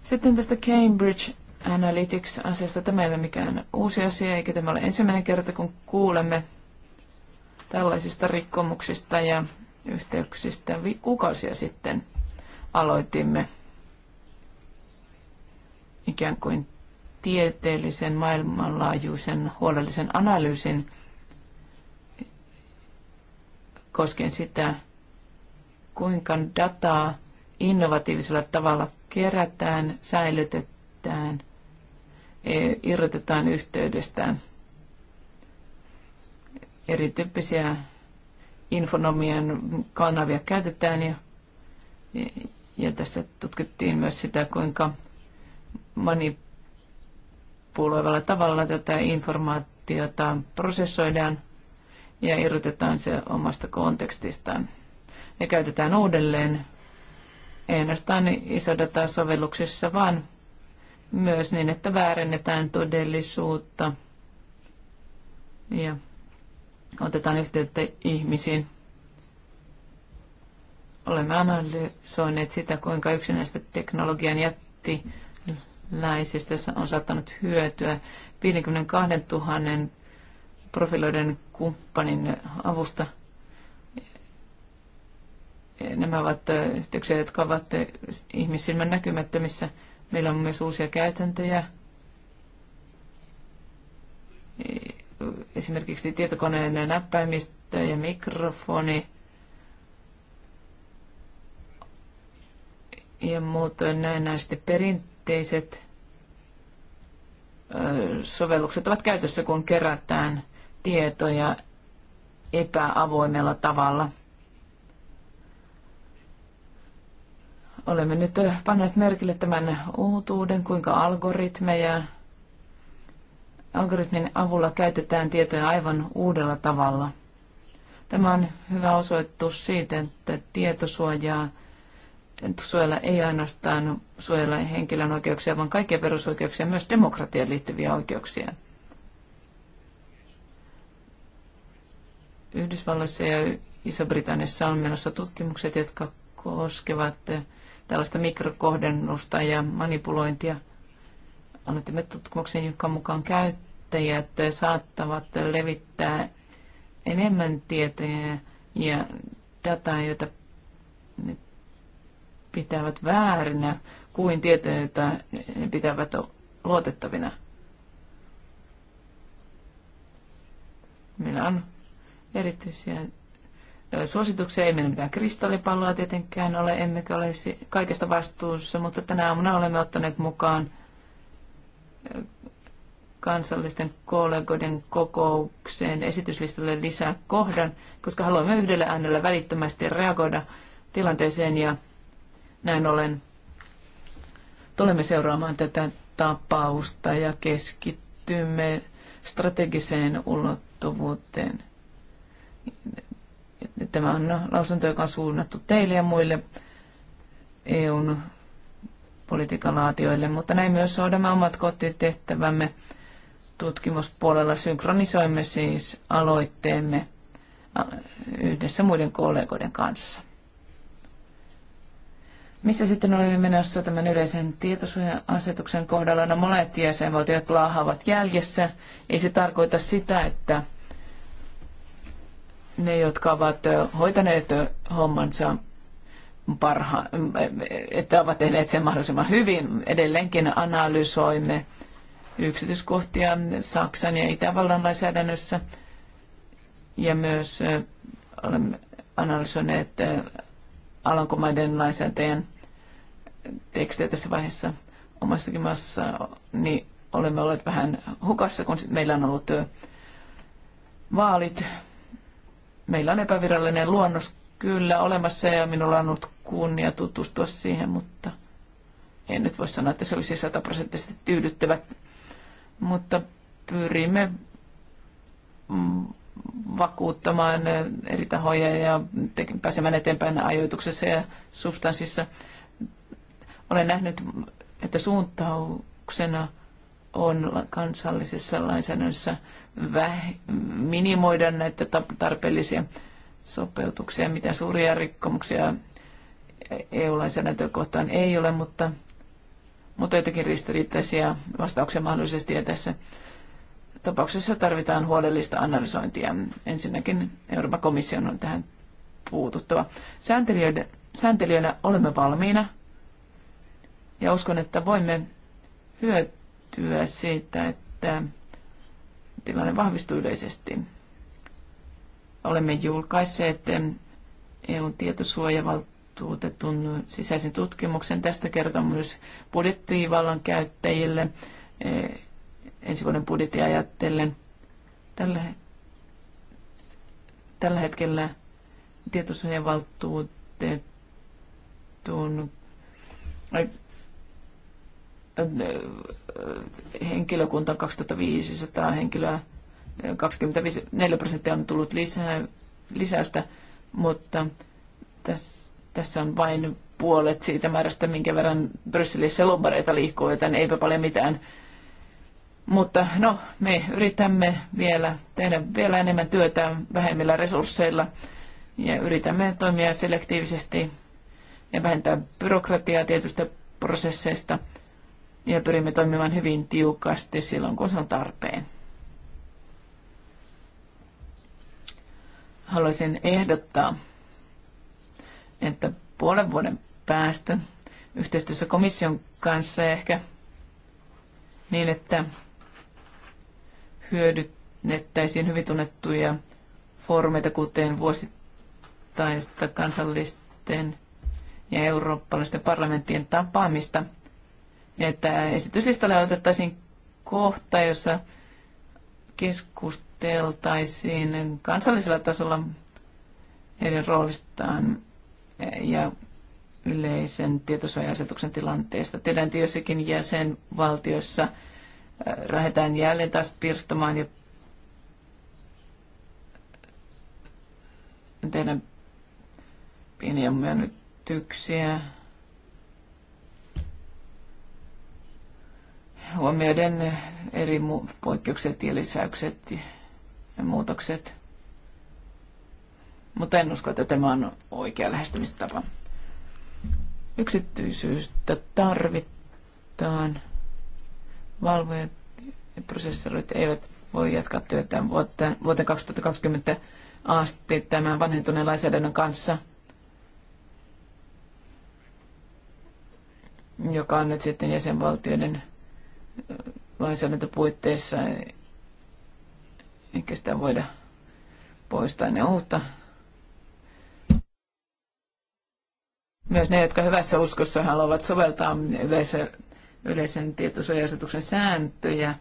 S1: Sitten tästä Cambridge Analytics-asiasta. Tämä ei ole mikään uusi asia, eikä tämä ole ensimmäinen kerta, kun kuulemme tällaisista rikkomuksista ja yhteyksistä. Kuukausia sitten aloitimme ikään kuin tieteellisen, maailmanlaajuisen, huolellisen analyysin koskien sitä, kuinka dataa innovatiivisella tavalla kerätään, säilytetään, e, irrotetaan yhteydestä Erityyppisiä infonomian kanavia käytetään ja, ja tässä tutkittiin myös sitä, kuinka manipuloivalla tavalla tätä informaatiota prosessoidaan ja irrotetaan se omasta kontekstistaan ja käytetään uudelleen ei ainoastaan isodata-sovelluksissa, vaan myös niin, että väärennetään todellisuutta ja otetaan yhteyttä ihmisiin. Olemme analysoineet sitä, kuinka yksinäistä teknologian jätti läisistä on saattanut hyötyä 52 000 profiloiden kumppanin avusta. Nämä ovat yhteyksiä, jotka ovat ihmissilmän näkymättömissä. Meillä on myös uusia käytäntöjä. Esimerkiksi tietokoneen näppäimistö ja mikrofoni ja muut näennäisesti perinteisesti yhteiset sovellukset ovat käytössä, kun kerätään tietoja epäavoimella tavalla. Olemme nyt panneet merkille tämän uutuuden, kuinka algoritmeja, algoritmin avulla käytetään tietoja aivan uudella tavalla. Tämä on hyvä osoitus siitä, että tietosuojaa suojella ei ainoastaan suojella henkilön oikeuksia, vaan kaikkia perusoikeuksia, myös demokratiaan liittyviä oikeuksia. Yhdysvalloissa ja Iso-Britanniassa on menossa tutkimukset, jotka koskevat tällaista mikrokohdennusta ja manipulointia. Annettimme tutkimuksen, jonka mukaan käyttäjät saattavat levittää enemmän tietoja ja dataa, joita pitävät väärinä kuin tietoja, joita he pitävät luotettavina. Meillä on erityisiä suosituksia. Ei meillä mitään kristallipalloa tietenkään ole, emmekä ole kaikesta vastuussa, mutta tänä aamuna olemme ottaneet mukaan kansallisten kollegoiden kokoukseen esityslistalle lisää kohdan, koska haluamme yhdellä äänellä välittömästi reagoida tilanteeseen ja näin ollen tulemme seuraamaan tätä tapausta ja keskittymme strategiseen ulottuvuuteen. Tämä on lausunto, joka on suunnattu teille ja muille EUn politiikan mutta näin myös hoidamme omat kotitehtävämme tutkimuspuolella. Synkronisoimme siis aloitteemme yhdessä muiden kollegoiden kanssa. Missä sitten olemme menossa tämän yleisen tietosuoja-asetuksen kohdalla? No monet jäsenvaltiot laahaavat jäljessä. Ei se tarkoita sitä, että ne, jotka ovat hoitaneet hommansa parha, että ovat tehneet sen mahdollisimman hyvin. Edelleenkin analysoimme yksityiskohtia Saksan ja Itävallan lainsäädännössä ja myös olemme analysoineet Alankomaiden lainsäätäjän tekstejä tässä vaiheessa omassakin maassa, niin olemme olleet vähän hukassa, kun meillä on ollut vaalit. Meillä on epävirallinen luonnos kyllä olemassa ja minulla on ollut kunnia tutustua siihen, mutta en nyt voi sanoa, että se olisi sataprosenttisesti tyydyttävä. Mutta pyrimme mm, vakuuttamaan eri tahoja ja pääsemään eteenpäin ajoituksessa ja substanssissa. Olen nähnyt, että suuntauksena on kansallisessa lainsäädännössä väh- minimoida näitä tarpeellisia sopeutuksia, mitä suuria rikkomuksia EU-lainsäädäntöä kohtaan ei ole, mutta, mutta jotenkin ristiriitaisia vastauksia mahdollisesti. Ja tässä tapauksessa tarvitaan huolellista analysointia. Ensinnäkin Euroopan komission on tähän puututtava. sääntelijöinä olemme valmiina ja uskon, että voimme hyötyä siitä, että tilanne vahvistuu yleisesti. Olemme julkaisseet EUn tietosuojavaltuutetun sisäisen tutkimuksen. Tästä kertomus budjettivallan käyttäjille ensi vuoden budjetin ajatellen. Tällä, tällä hetkellä tietosuojavaltuutetun ai, äh, äh, henkilökunta 2500 henkilöä, 24 äh, prosenttia on tullut lisää, lisäystä, mutta tässä, tässä on vain puolet siitä määrästä, minkä verran Brysselissä lombareita liikkuu, joten eipä paljon mitään mutta no, me yritämme vielä tehdä vielä enemmän työtä vähemmillä resursseilla ja yritämme toimia selektiivisesti ja vähentää byrokratiaa tietystä prosesseista ja pyrimme toimimaan hyvin tiukasti silloin, kun se on tarpeen. Haluaisin ehdottaa, että puolen vuoden päästä yhteistyössä komission kanssa ehkä niin, että hyödynnettäisiin hyvin tunnettuja foorumeita, kuten vuosittaista kansallisten ja eurooppalaisten parlamenttien tapaamista. Ja että esityslistalle otettaisiin kohta, jossa keskusteltaisiin kansallisella tasolla heidän roolistaan ja yleisen tietosuoja-asetuksen tilanteesta. Tiedän, että jossakin jäsenvaltiossa – lähdetään jälleen taas pirstomaan ja tehdään pieniä myönnytyksiä. Huomioiden eri poikkeukset ja lisäykset ja muutokset. Mutta en usko, että tämä on oikea lähestymistapa. Yksityisyyttä tarvitaan valvojat ja prosessorit eivät voi jatkaa työtään vuoteen, vuoteen 2020 asti tämän vanhentuneen lainsäädännön kanssa, joka on nyt sitten jäsenvaltioiden lainsäädäntöpuitteissa, eikä sitä voida poistaa ne uutta. Myös ne, jotka hyvässä uskossa haluavat soveltaa yleisö yleisen tietosuojasetuksen sääntöjä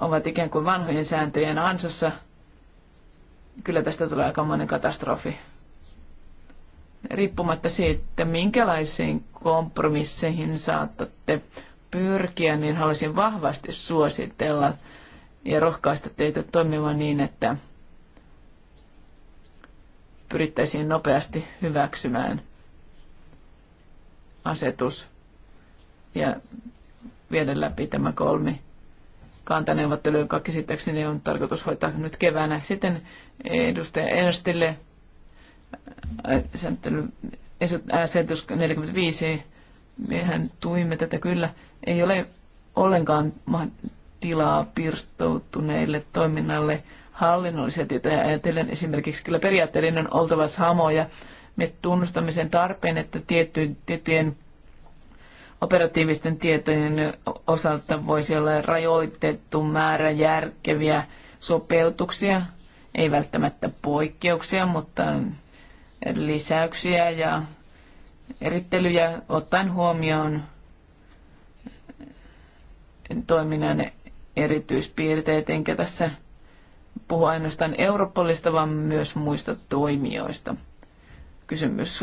S1: ovat ikään kuin vanhojen sääntöjen ansassa, Kyllä tästä tulee monen katastrofi. Riippumatta siitä, minkälaisiin kompromisseihin saatatte pyrkiä, niin haluaisin vahvasti suositella ja rohkaista teitä toimimaan niin, että pyrittäisiin nopeasti hyväksymään asetus ja viedä läpi tämä kolmi kantaneuvottelu, joka käsittääkseni on tarkoitus hoitaa nyt keväänä. Sitten edustaja Ernstille asetus 45, mehän tuimme tätä kyllä, ei ole ollenkaan tilaa pirstoutuneille toiminnalle hallinnollisia tietoja ajatellen esimerkiksi kyllä periaatteellinen on oltava samoja. Me tunnustamme sen tarpeen, että tiettyjen, tiettyjen operatiivisten tietojen osalta voisi olla rajoitettu määrä järkeviä sopeutuksia, ei välttämättä poikkeuksia, mutta lisäyksiä ja erittelyjä ottaen huomioon toiminnan erityispiirteet, enkä tässä puhu ainoastaan Europolista, vaan myös muista toimijoista. Kysymys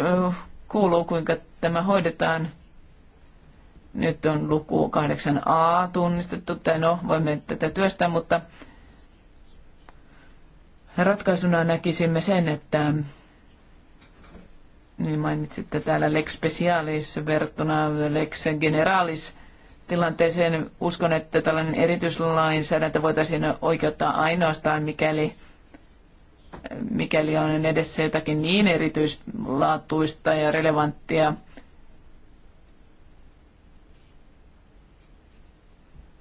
S1: kuuluu, kuinka tämä hoidetaan – nyt on luku 8a tunnistettu, tai no, voimme tätä työstää, mutta ratkaisuna näkisimme sen, että niin mainitsitte täällä Lex Specialis verrattuna Lex Generalis tilanteeseen. Uskon, että tällainen erityislainsäädäntö voitaisiin oikeuttaa ainoastaan, mikäli, mikäli on edessä jotakin niin erityislaatuista ja relevanttia,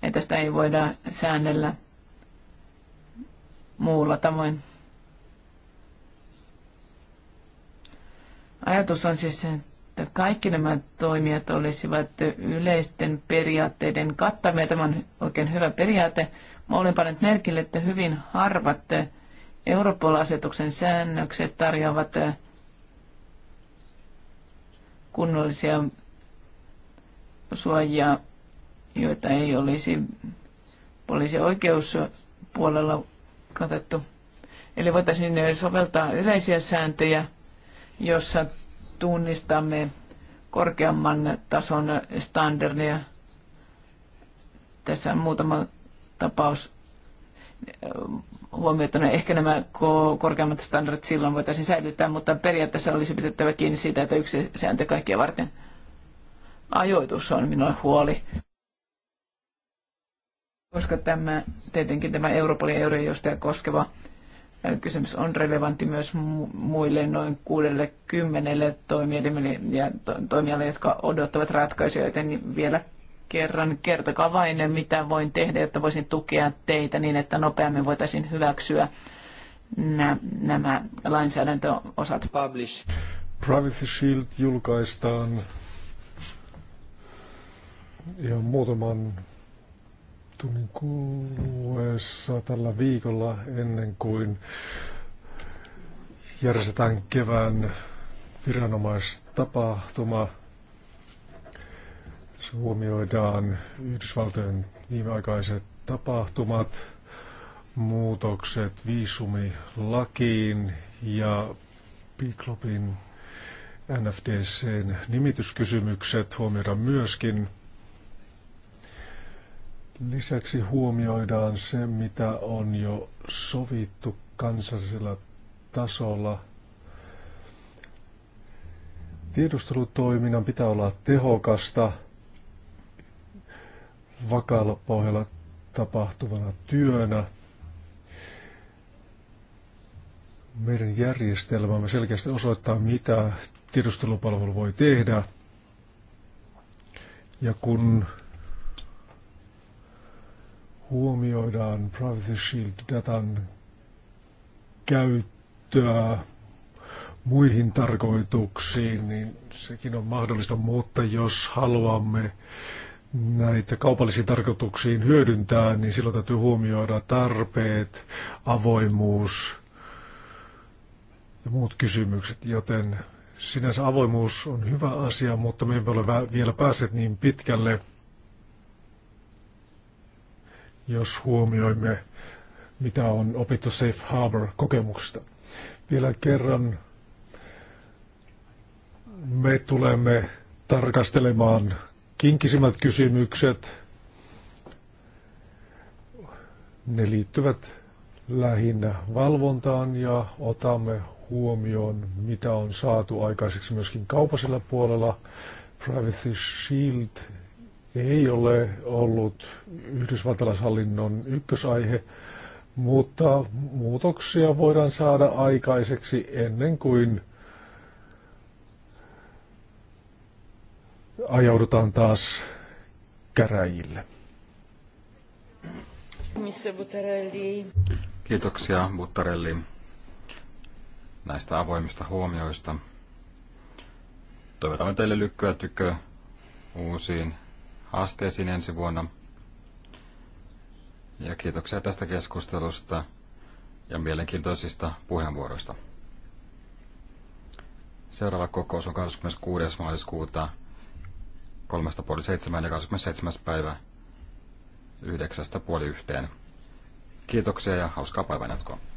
S1: että sitä ei voida säännellä muulla tavoin. Ajatus on siis, se, että kaikki nämä toimijat olisivat yleisten periaatteiden kattamia. Tämä on oikein hyvä periaate. Mä olen pannut merkille, että hyvin harvat Europol-asetuksen säännökset tarjoavat kunnollisia suojia joita ei olisi poliisi- oikeuspuolella katettu. Eli voitaisiin soveltaa yleisiä sääntöjä, jossa tunnistamme korkeamman tason standardia. Tässä on muutama tapaus huomioituna. Ehkä nämä korkeammat standardit silloin voitaisiin säilyttää, mutta periaatteessa olisi pidettävä kiinni siitä, että yksi sääntö kaikkia varten. Ajoitus on minulle huoli koska tämä, tietenkin tämä Euroopan eurojohtaja koskeva kysymys on relevantti myös muille noin 60 toimielimelle ja toimijalle, jotka odottavat ratkaisuja, joten vielä kerran kertokaa vain, mitä voin tehdä, jotta voisin tukea teitä niin, että nopeammin voitaisiin hyväksyä nämä lainsäädäntöosat. Publish.
S3: Privacy Shield julkaistaan ihan muutaman tunnin kuluessa tällä viikolla ennen kuin järjestetään kevään viranomaistapahtuma. Tässä huomioidaan Yhdysvaltojen viimeaikaiset tapahtumat, muutokset viisumilakiin ja Piklopin NFDCn nimityskysymykset huomioidaan myöskin – Lisäksi huomioidaan se, mitä on jo sovittu kansallisella tasolla. Tiedustelutoiminnan pitää olla tehokasta, vakaalla pohjalla tapahtuvana työnä. Meidän järjestelmämme selkeästi osoittaa, mitä tiedustelupalvelu voi tehdä. Ja kun huomioidaan Privacy Shield-datan käyttöä muihin tarkoituksiin, niin sekin on mahdollista, mutta jos haluamme näitä kaupallisiin tarkoituksiin hyödyntää, niin silloin täytyy huomioida tarpeet, avoimuus ja muut kysymykset, joten sinänsä avoimuus on hyvä asia, mutta me emme ole vielä päässeet niin pitkälle – jos huomioimme, mitä on opittu Safe Harbor-kokemuksesta. Vielä kerran me tulemme tarkastelemaan kinkisimmät kysymykset. Ne liittyvät lähinnä valvontaan ja otamme huomioon, mitä on saatu aikaiseksi myöskin kaupallisella puolella. Privacy Shield ei ole ollut yhdysvaltalaishallinnon ykkösaihe, mutta muutoksia voidaan saada aikaiseksi ennen kuin ajaudutaan taas käräjille. Kiitoksia
S2: Buttarelli näistä avoimista huomioista. Toivotamme teille lykkyä tykö uusiin haasteisiin ensi vuonna. Ja kiitoksia tästä keskustelusta ja mielenkiintoisista puheenvuoroista. Seuraava kokous on 26. maaliskuuta 3.5.7 ja 27. päivä 9.5.1. Kiitoksia ja hauskaa päivänjatkoa.